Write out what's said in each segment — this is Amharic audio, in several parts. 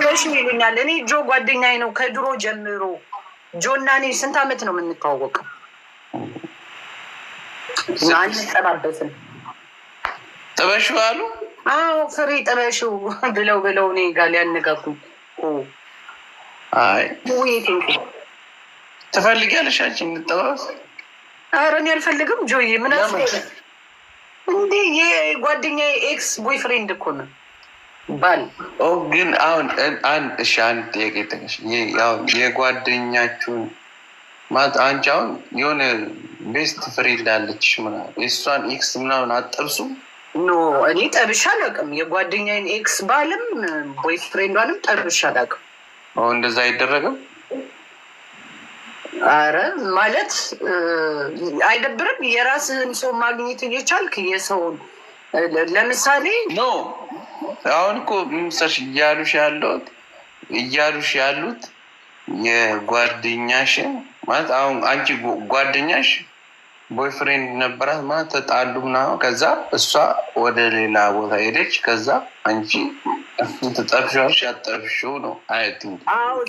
ሰበሽው ይሉኛል። እኔ ጆ ጓደኛዬ ነው ከድሮ ጀምሮ። ጆ እና እኔ ስንት አመት ነው የምንተዋወቀው? አንጠባበትም። ጥበሽው አሉ። አዎ ፍሬ ጥበሹ ብለው ብለው እኔ ጋር ሊያነጋጉኝ። አይ ትፈልጊያለሽ አንቺ እንጠባበስ? ኧረ እኔ አልፈልግም ጆዬ። ምን እንዴ የጓደኛዬ ኤክስ ቦይፍሬንድ እኮ ነው ባል ግን አሁን አንድ እሺ፣ አንድ ጥያቄ ጠቀሽ የጓደኛችሁን ማለት አንቺ አሁን የሆነ ቤስት ፍሬንድ አለችሽ ምናምን የእሷን ኤክስ ምናምን አጠብሱ ኖ እኔ ጠብሻ አላውቅም። የጓደኛዬን ኤክስ ባልም ቦይስ ፍሬንዷንም ጠብሻ አላውቅም። እንደዛ አይደረግም። አረ ማለት አይደብርም? የራስህን ሰው ማግኘት እየቻልክ የሰውን ለምሳሌ ኖ አሁን እኮ ምሳሽ እያሉሽ ያለሁት እያሉሽ ያሉት የጓደኛሽ ማለት አሁን አንቺ ጓደኛሽ ቦይፍሬንድ ነበራት ማለት ተጣሉ ምናምን፣ ከዛ እሷ ወደ ሌላ ቦታ ሄደች። ከዛ አንቺ ትጠብሻለሽ። ያጠብሽው ነው አየት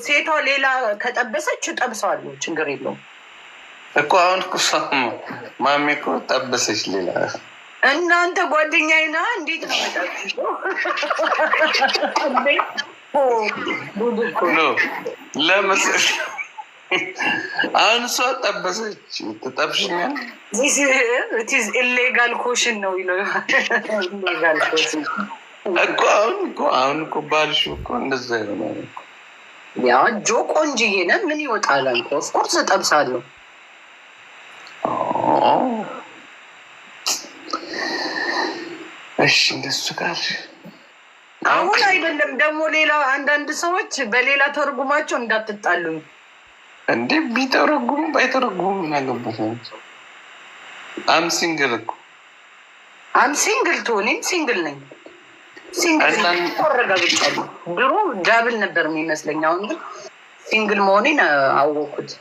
ሴቷ ሌላ ከጠበሰች እጠብሰዋለሁ፣ ችግር የለውም እኮ አሁን እኮ እሷ ማሜ እኮ ጠበሰች ሌላ እናንተ ጓደኛዬ ና እንዴት ነው ለምስል አሁን እሷ ጠበሰች ትጠብሽኛል። ኢሌጋል ኮሽን ነው እኮ አሁን እኮ አሁን እኮ ባልሽ እኮ እንደዛ ይሆናል። ያ ጆ ቆንጅዬ ነህ ምን ይወጣላል? ኦፍኮርስ እጠብሳለሁ። እሺ እንደሱ ጋር አሁን አይደለም ደግሞ ሌላ አንዳንድ ሰዎች በሌላ ተርጉማቸው እንዳትጣሉ እንዴ ቢተረጉሙ ባይተረጉሙ ያለበት አም ሲንግል እኮ አም ሲንግል ትሆኔም ሲንግል ነኝ። ሲንግል አረጋግጫለሁ። ድሮ ዳብል ነበር የሚመስለኝ፣ አሁን ግን ሲንግል መሆኔን አወቅኩት።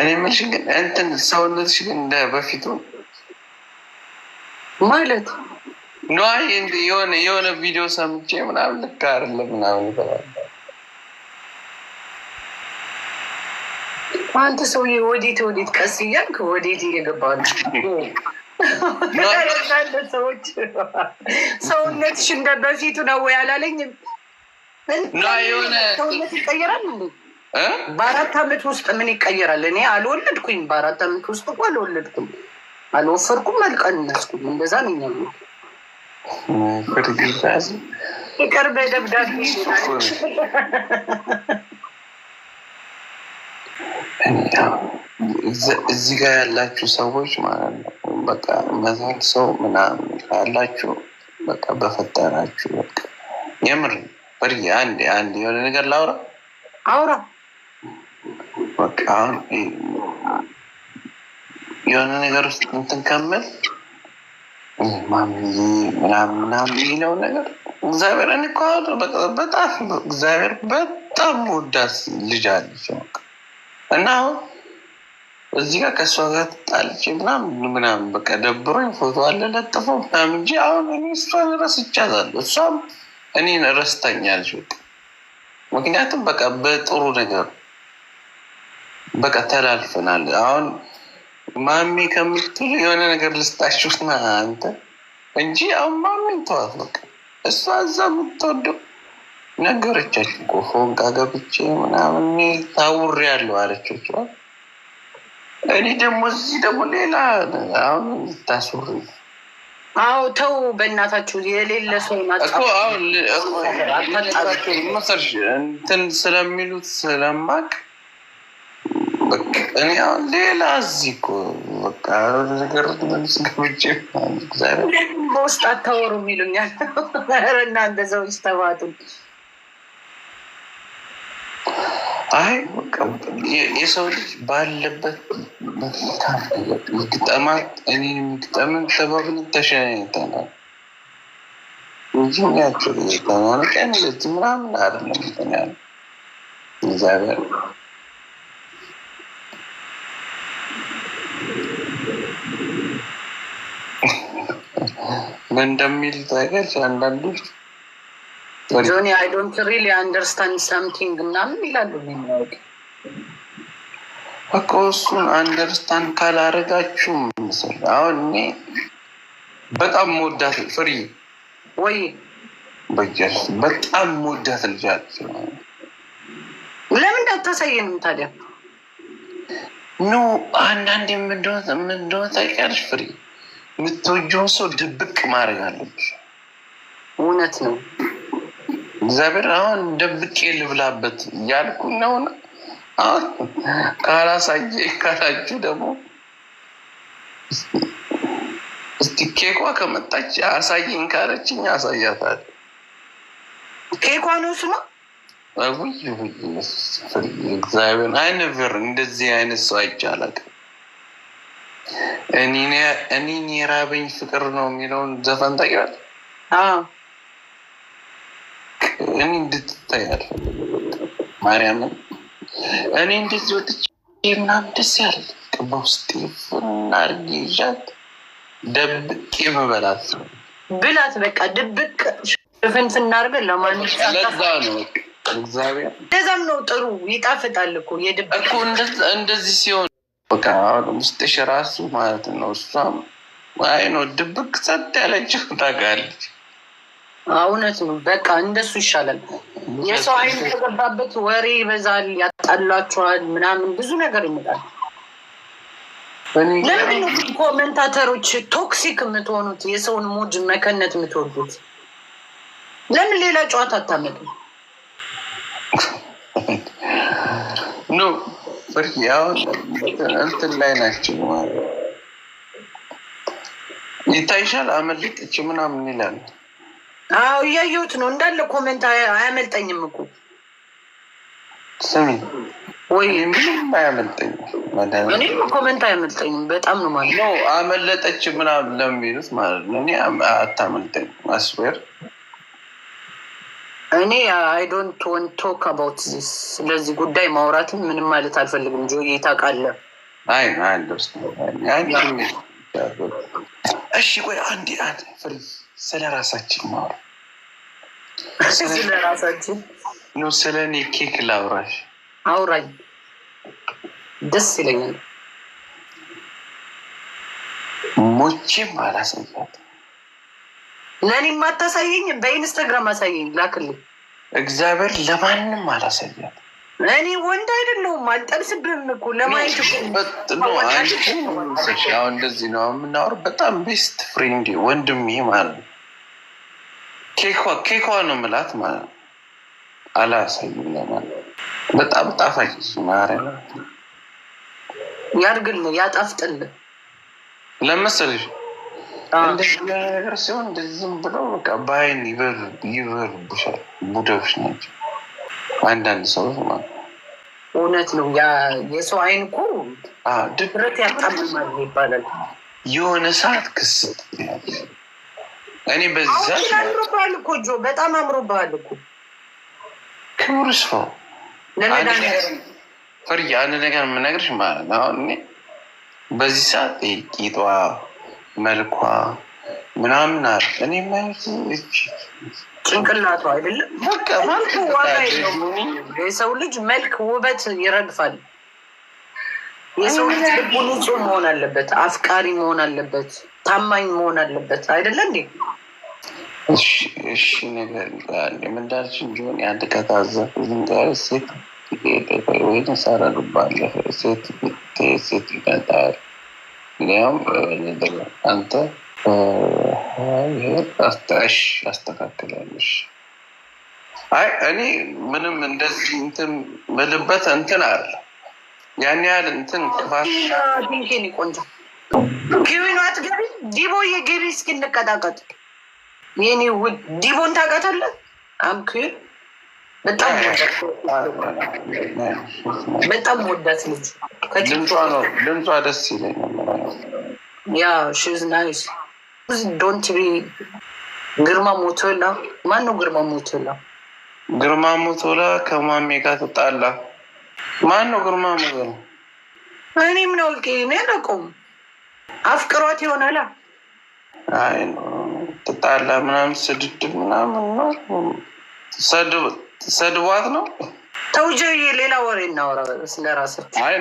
እኔ የምልሽ ግን እንትን ሰውነትሽ ግን እንደ በፊቱ ማለት ነዋይ የሆነ የሆነ ቪዲዮ ሰምቼ ምናምን ልክ አይደለ ምናምን አንተ ሰውዬ ወዴት ወዴት ቀስ እያልክ ወዴት እየገባ ሰዎች ሰውነትሽ እንደ በፊቱ ነው ወይ አላለኝም። ሰውነት ይቀየራል እንዴ? በአራት አመት ውስጥ ምን ይቀየራል? እኔ አልወለድኩኝ። በአራት አመት ውስጥ እኮ አልወለድኩም። አልወፈርኩም፣ አልቀነስኩም። እንደዛ ነኛ ይቀርበ በደብዳቤ እዚህ ጋር ያላችሁ ሰዎች ማለት ነው። በቃ መዛል ሰው ምናምን ያላችሁ በቃ በፈጠራችሁ የምር በር አንድ አንድ የሆነ ነገር ላውራ አውራ በቃ አሁን የሆነ ነገር ውስጥ እንትን ከምል ምናምን የሚለው ነገር እግዚአብሔር እኔ እኮ በጣም እግዚአብሔር በጣም ወዳስ ልጅ አለች እና አሁን እዚህ ጋር ከእሷ ጋር ትጣልች ምናምን ምናምን በቃ ደብሮኝ ፎቶ አለ ለጥፎ ምናምን እንጂ አሁን እኔ እሷን ረስቻታለሁ፣ እሷም እኔን ረስታኛለች። በቃ ምክንያቱም በቃ በጥሩ ነገር በቃ ተላልፈናል አሁን ማሚ ከምትል የሆነ ነገር ልስጣችሁና አንተ እንጂ አሁን ማሚ ተዋት እሷ እዛ የምትወደው ነገረቻችሁ እኮ ፎንቃ ገብቼ ምናምን ታውር ያለው አለችው። እኔ ደግሞ እዚህ ደግሞ ሌላ አሁን ታሱር አዎ ተው፣ በእናታችሁ የሌለ ሰው ናቸው እንትን ስለሚሉት ስለማቅ ሌላ እዚህ እኮ በውስጥ አታወሩም ይሉኛል። እናንተ ሰዎች ተባቱ። አይ የሰው ልጅ ባለበት ግጠማት እኔ ተሸኝተናል እንጂ ያቸው ተማሪ ቀን ምናምን አይደለም። እግዚአብሔር ምን እንደሚል ታውቂያለሽ? አንዳንዱ ጆኒ አይ ዶንት ሪሊ አንደርስታንድ ሳምቲንግ ምናምን ይላሉ። የሚያወቅ እኮ እሱን አንደርስታንድ ካላረጋችሁም ምስል አሁን እኔ በጣም መወዳት ፍሪ ወይ በጀል በጣም መወዳት ልጃለች። ለምን አታሳየንም ታዲያ? ኖ አንዳንድ የምንደሆነ ታውቂያለሽ ፍሪ የምትወጂውን ሰው ድብቅ ማድረግ አለብሽ። እውነት ነው። እግዚአብሔር አሁን ደብቄ ልብላበት እያልኩ ነው። ካላሳየ ካላችሁ ደግሞ እስቲ ኬኳ ከመጣች አሳየኝ ካለችኝ አሳያታል። ኬኳ ነው ስማ እግዚአብሔር አይነቨር እንደዚህ አይነት ሰው አይቻላል። እኔን የራበኝ ፍቅር ነው የሚለውን ዘፈን ታውቂዋለሽ? እኔ እንድትታያል ማርያምን እኔ እንደዚህ ወጥቼ ምናምን ደስ ያለ በውስጤ ፍና ይዣት ደብቄ መበላት ብላት በቃ ድብቅ ሽፍን ስናርገ ለማን ለዛ ነው እግዚአብሔር እንደዛም ነው ጥሩ ይጣፍጣል እኮ የድብቅ እንደዚህ ሲሆን በቃ ስትሽ ራሱ ማለት ነው። እሷም አይ ነው ድብቅ ጸጥ ያለችው ታውቃለች። እውነት ነው። በቃ እንደሱ ይሻላል። የሰው አይን ከገባበት ወሬ ይበዛል፣ ያጣላቸዋል፣ ምናምን ብዙ ነገር ይመጣል። ለምንድን ኮመንታተሮች ቶክሲክ የምትሆኑት? የሰውን ሙድ መከነት የምትወዱት? ለምን ሌላ ጨዋታ አታመጡ? ፍርድ ያው እንትን ላይ ናቸው ይታይሻል። አመለጠች ምናምን ይላል። አዎ እያየሁት ነው እንዳለ ኮመንት አያመልጠኝም እኮ ስሚ ወይ ምንም አያመልጠኝም። ኮመንት አያመልጠኝም። በጣም ነው ማለት ነው። አመለጠች ምናምን ለሚሉት ማለት ነው። እኔ አታመልጠኝም አስዌር እኔ አይ ዶንት ወንት ቶክ አባውት ዚስ ስለዚህ ጉዳይ ማውራትም ምንም ማለት አልፈልግም። ጆዬ ታውቃለህ። እሺ ቆይ አንድ አንድ ፍሪ ስለ ራሳችን ማውራ ስለ ራሳችን ነው። ስለ እኔ ኬክ ላውራሽ። አውራኝ ደስ ይለኛል። ሞቼም አላሳያትም ለእኔ የማታሳየኝ በኢንስታግራም አሳየኝ፣ ላክልኝ። እግዚአብሔር ለማንም አላሳያል። እኔ ወንድ አይደለሁም፣ አልጠብስብህም እኮ ለማየት። አሁን እንደዚህ ነው የምናወራው። በጣም ቤስት ፍሬንድ ወንድም ይሄ ማለት ነው። ኬኳ ነው ምላት ማለት ነው። አላሳይም ለማለት በጣም ጣፋጭ ማርያም ያድግል ያጣፍጥል ለመሰለሽ ነገር ሲሆን እንደዚህም ብለው በቃ በአይን ናቸው አንዳንድ ሰዎች ማለት እውነት ነው። የሰው አይን እኮ ድፍረት ያጣምማል ይባላል። የሆነ ሰዓት ክስ እኔ በዚህ አምሮብሃል እኮ ጆ፣ በጣም አምሮብሃል እኮ ክብር ፍርዬ፣ አንድ ነገር የምነግርሽ ማለት አሁን በዚህ ሰዓት ቂጧ መልኳ ምናምን አለ። እኔ ማየት እች ጭንቅላቱ አይደለም መልኩ ዋጋ የለውም። የሰው ልጅ መልክ ውበት ይረግፋል። የሰው ልጅ ልቡ ንጹህ መሆን አለበት፣ አፍቃሪ መሆን አለበት፣ ታማኝ መሆን አለበት። አይደለ እንዴ? እሺ ነገር የምንዳርች እንዲሆን የአንድ ከታዘ ዝንጋር ሴት ወይ ሳረግባለሁ ሴት ሴት ይመጣል ያም አንተ አስተሽ አስተካክላለሽ። አይ እኔ ምንም እንደዚህ እንትን ምልበት እንትን አለ ያን ያህል እንትን ቆንጆ ዲቦ የገቢ እስኪ እንቀጣቀጥ የኔ ውድ ዲቦን ታውቃታለህ አምክን በጣም በጣም ወዳት ልጅ ድምጿ ደስ ይለኛል። ያ ሺዝ ናይስ ዶንት ቢ ግርማ ሞቶላ ማን ነው? ግርማ ሞቶላ ግርማ ሞቶላ ከማሜ ጋር ተጣላ። ማን ነው ግርማ ሞቶላ? እኔ ምን አውቄ እኔ አላውቀውም። አፍቅሯት ይሆናላ ተጣላ ምናምን ስድድብ ምናምን ሰድብ ሰድቧት ነው። ተው ሌላ ወሬ እናወራ ስለራሳችሁ። አይ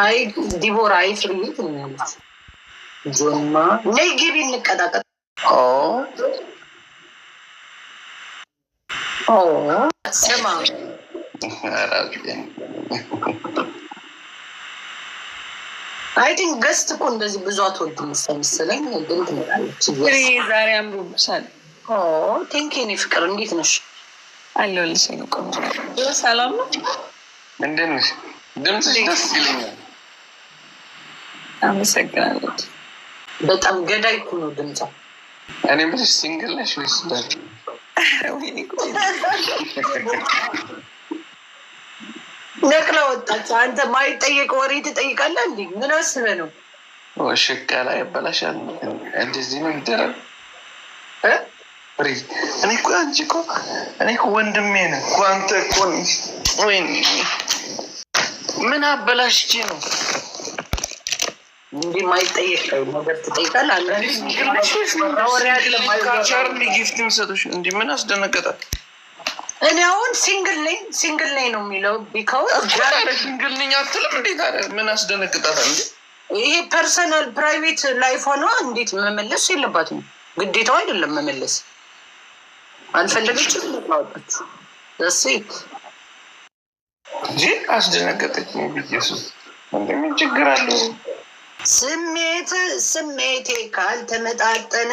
አይ አይ ዲቦራ፣ አይ ፍሪት ጆማ፣ ነይ ግቢ እንቀጣቀጥ ስማ አይ ቲንክ ገስት እኮ እንደዚህ ብዙ አትወድም መሰለኝ። ዛሬ አምሮብሻል። ኔ ፍቅር፣ እንዴት ነሽ? አለሁልሽ። ሰላም ነው? እንዴት ነሽ? ድምፅሽ ደስ ይለኛል። በጣም ገዳይ እኮ ነው ድምፅ። እኔ ሲንግል ነሽ ወይስ ነቅለ ወጣች። አንተ ማይጠየቅ ወሬ ትጠይቃለህ እንዴ? ምን አስበህ ነው? ላይ ያበላሻል። እንደዚህ ነው ይደረግ። እኔ እኮ አንቺ እኮ እኔ እኮ ወንድሜ ነው እኮ አንተ እኮ ወይ ምን አበላሽቼ ነው እንዲህ ማይጠየቅ ነገር ትጠይቃለህ? አንተ ጊፍት የሚሰጡሽ እንዲህ ምን አስደነገጣል? እኔ አሁን ሲንግል ነኝ ሲንግል ነኝ ነው የሚለው። ቢካውስ ሲንግል ነኝ አትልም። እንዴት አለ ምን አስደነግጣታል? ይሄ ፐርሰናል ፕራይቬት ላይፍ ሆኗ እንዴት መመለስ የለባትም። ግዴታው አይደለም መመለስ አልፈለገችም። ላወጣችሁ ደስ እንጂ አስደነገጠች ብዬሱ እንደምን ችግር አለ? ስሜት ስሜቴ ካልተመጣጠነ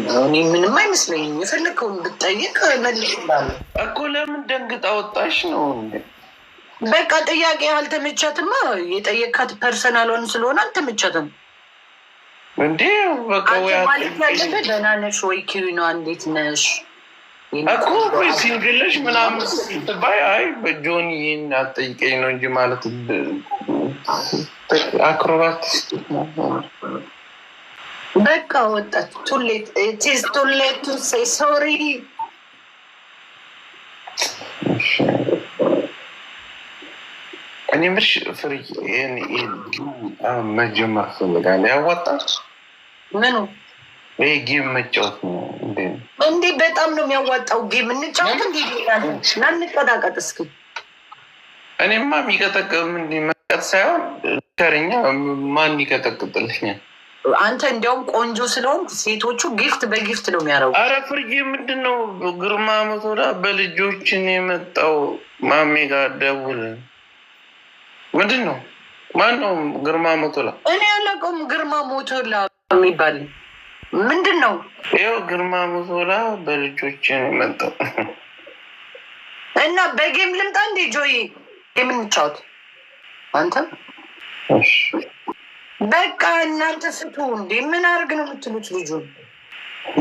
እኔ ምንም አይመስለኝም። የፈለከውን ብጠይቅ መልሽላለ እኮ ለምን ደንግጣ ወጣሽ ነው? በቃ ጥያቄ አልተመቻትማ። የጠየካት ፐርሰናልን ስለሆነ አልተመቻትም። እንዴ ማለት ደህና ነሽ ወይ ኪዊኗ፣ እንዴት ነሽ እኮ ሲንግልሽ ምናምን ስትባይ አይ በጆን ይህን አትጠይቀኝ ነው እንጂ ማለት አክሮባት በቃ ወጣች። ቱሌት ኢትስ ቱሌት ቱ ሴይ ሶሪ። እኔ መጀመር ምኑ ይህ ጌም መጫወት ነው እንዴ? በጣም ነው የሚያዋጣው ጌም እንጫወት። እንዲ ና እንቀጣቀጥ እስኪ። እኔማ የሚቀጠቅም እንዲ መቀጥ ሳይሆን ማን ይቀጠቅጥልኛል? አንተ እንዲያውም ቆንጆ ስለሆን ሴቶቹ ጊፍት በጊፍት ነው የሚያደርጉ። አረ ፍርዬ ምንድን ነው ግርማ መቶዳ በልጆችን የመጣው ማሜ ጋር ደውል። ምንድን ነው ማን ነው ግርማ መቶላ? እኔ ያለቀውም ግርማ ሞቶላ የሚባል ምንድን ነው? ይኸው ግርማ መቶላ በልጆችን የመጣው እና በጌም ልምጣ እንዴ ጆይ የምንጫወት አንተ በቃ እናንተ ስቱ እንዴ ምን አርግ ነው የምትሉት? ልጁ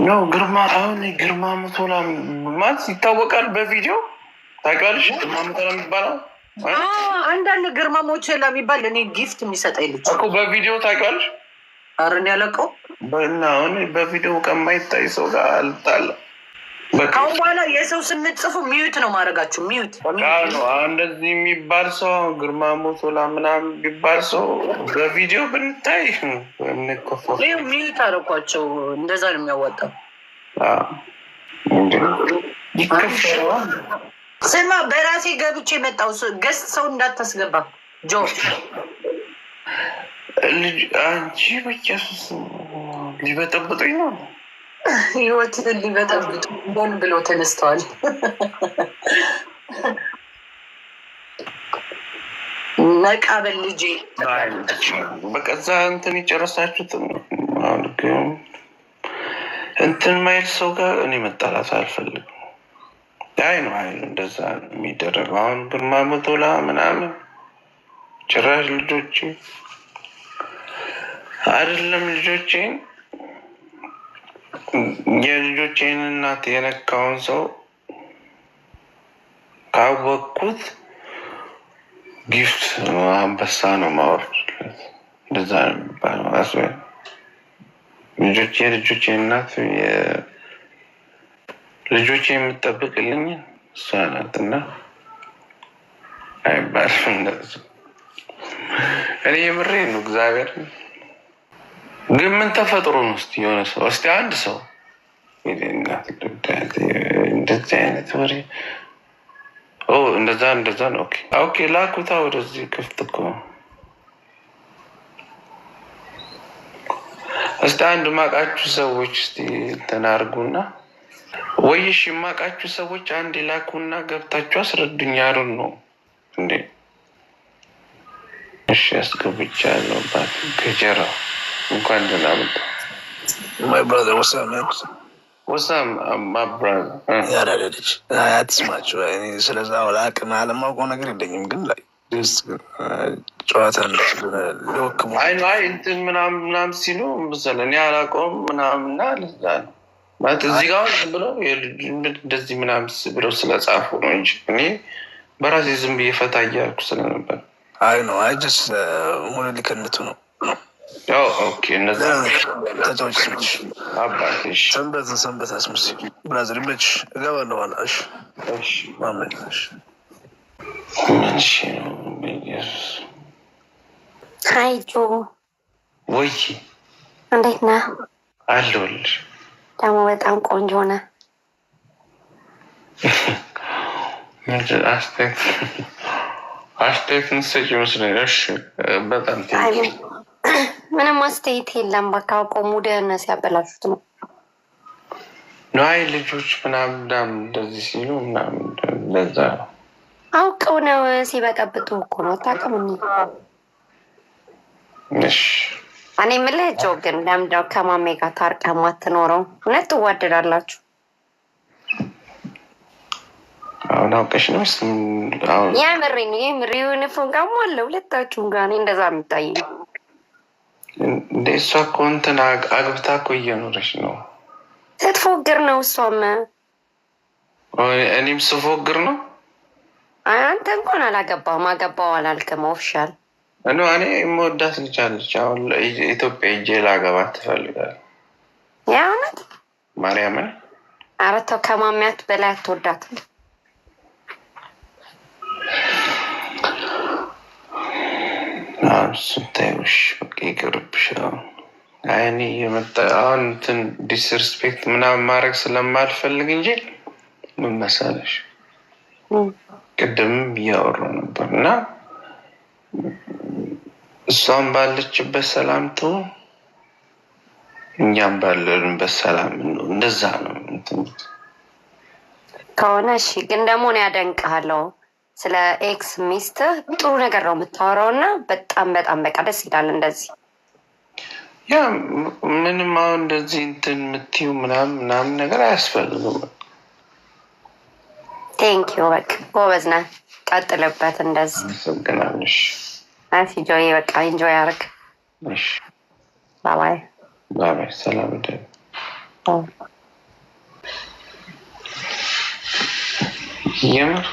ነው ግርማ። አሁን ግርማ መቶላ ማለት ይታወቃል፣ በቪዲዮ ታውቂዋለሽ። ግርማ መቶላ የሚባለው አንዳንድ ግርማ ሞቼላ የሚባል እኔ ጊፍት የሚሰጠኝ ልጅ እኮ በቪዲዮ ታውቂዋለሽ። አርን ያለቀው በና አሁን በቪዲዮ ከማይታይ ሰው ጋር አልጣለም ከአሁን በኋላ የሰው ስንጽፉ ሚዩት ነው ማድረጋችሁ። ሚዩት እንደዚህ የሚባል ሰው ግርማ ሞቶላ ምናምን የሚባል ሰው በቪዲዮ ብንታይ ሚዩት አረኳቸው። እንደዛ ነው የሚያወጣው። ስማ፣ በራሴ ገብቼ የመጣው ገስት ሰው እንዳታስገባ ጆ ልጅ አንቺ ልጅ ሊበጠብጠኝ ነው ህይወትን ሊበጠብጡ ሆን ብሎ ተነስተዋል። መቃበል ልጄ በቃ እዛ እንትን የጨረሳችሁት እንትን ማይል ሰው ጋር እኔ መጣላት አልፈልግም። አይ ነው አይ እንደዛ የሚደረገው አሁን ግርማ መቶላ ምናምን ጭራሽ ልጆች አይደለም ልጆቼን የልጆቼን እናት የነካውን ሰው ካወቅኩት ጊፍት አንበሳ ነው ማወርድለት። እንደዛ ነው የሚባለው። ራሱ ልጆቼ ልጆቼ እናት ልጆቼ የምጠብቅልኝ እሷ ናትና አይባልም። እኔ የምሬ ነው እግዚአብሔር ግን ምን ተፈጥሮ ነው? እስኪ የሆነ ሰው እስኪ አንድ ሰው እንደዚህ አይነት ወሬ እንደዛ እንደዛ ነው። ኦኬ ኦኬ፣ ላኩታ ወደዚህ ክፍት እኮ እስቲ አንድ ማቃችሁ ሰዎች እስቲ እንትን አድርጉና ወይሽ የማቃችሁ ሰዎች አንድ ላኩና ገብታችሁ አስረዱኝ። አሩን ነው እንዴ? እሺ አስገብቻለሁ። ባት ገጀራው እንኳን ደህና መጣ። ማይ ብራዘር ወሳም ወሳም ማይ ብራዘር ያዳዳ ልጅ አትስማቸው። ስለዛ አቅም አለማውቀው ነገር የለኝም ግን ላይ ጨዋታ ለወክሙ እንትን ምናምን ምናምን ሲሉ መሰለህ እኔ አላውቀውም ምናምን ለዛ ነው ማለት እዚህ ጋር ብለው እንደዚህ ምናምን ብለው ስለጻፉ ነው እንጂ እኔ በራሴ ዝም ብዬ ፈታ እያልኩ ስለነበር አይ uh, ነው አይ ጀስት ሙሉ ልከነቱ ነው ተጫዋች ሰንበት ሰንበት አስምስ ብራዘር መች እገባ ነው ዋላሽ ማመላሽ ሀይ ጆ ወይ እንዴት ነህ? አለሁልሽ። ደግሞ በጣም ቆንጆ ነህ። አስተያየት ምሰጭ ይመስለኛል። በጣም ምንም አስተያየት የለም። በቃ ቆሙ ደህና ሲያበላሹት ነው። ነይ ልጆች ምናምን ምናምን እንደዚህ ሲሉ ምናምን እንደዛ ነው። አውቀው ነው ሲበጠብጡ እኮ ነው። አታውቅም። እኔ የምልህ ጆ ግን ለምንድን ነው ከማሜ ጋር ታርቀህ ማትኖረው? እውነት ትዋደዳላችሁ? አሁን አውቀሽ ነው ስ የምሬ ነው የምሬ ዩኒፎርም ጋር አለው ሁለታችሁም ጋር እኔ እንደዛ የሚታይ ነው እንደ እሷ እኮ እንትን አግብታ እኮ እየኖረች ነው። ስትፎግር ነው እሷም እኔም ስፎግር ነው። አንተ እንኳን አላገባውም አገባው አላልክም። ኦፍሻል እኔ እኔ የምወዳት ልጅ አለች። አሁን ኢትዮጵያ እጄ ላገባት ትፈልጋል። የእውነት ማርያምን አረተው ከማሚያት በላይ አትወዳትም። ስታዩሽ በቃ ይቅርብሽ። አይ እኔ አሁን እንትን ዲስርስፔክት ምናምን ማድረግ ስለማልፈልግ እንጂ ምን መሰለሽ ቅድም እያወሩ ነበር እና እሷም ባለችበት ሰላም ትሆ እኛም ባለንበት ሰላም ነው። እንደዛ ነው ከሆነ እሺ። ግን ደግሞ እኔ ያደንቅሃለሁ ስለ ኤክስ ሚስት ጥሩ ነገር ነው የምታወራው እና በጣም በጣም በቃ ደስ ይላል። እንደዚህ ያ ምንም አሁን እንደዚህ እንትን የምትዩ ምናምን ምናምን ነገር አያስፈልግም። ቴንክ ዩ በቃ ጎበዝ ነህ፣ ቀጥልበት እንደዚህ። አመሰግናለሽ። በቃ ኢንጆይ አርግ። ባባይ ባባይ። ሰላም ደ የምር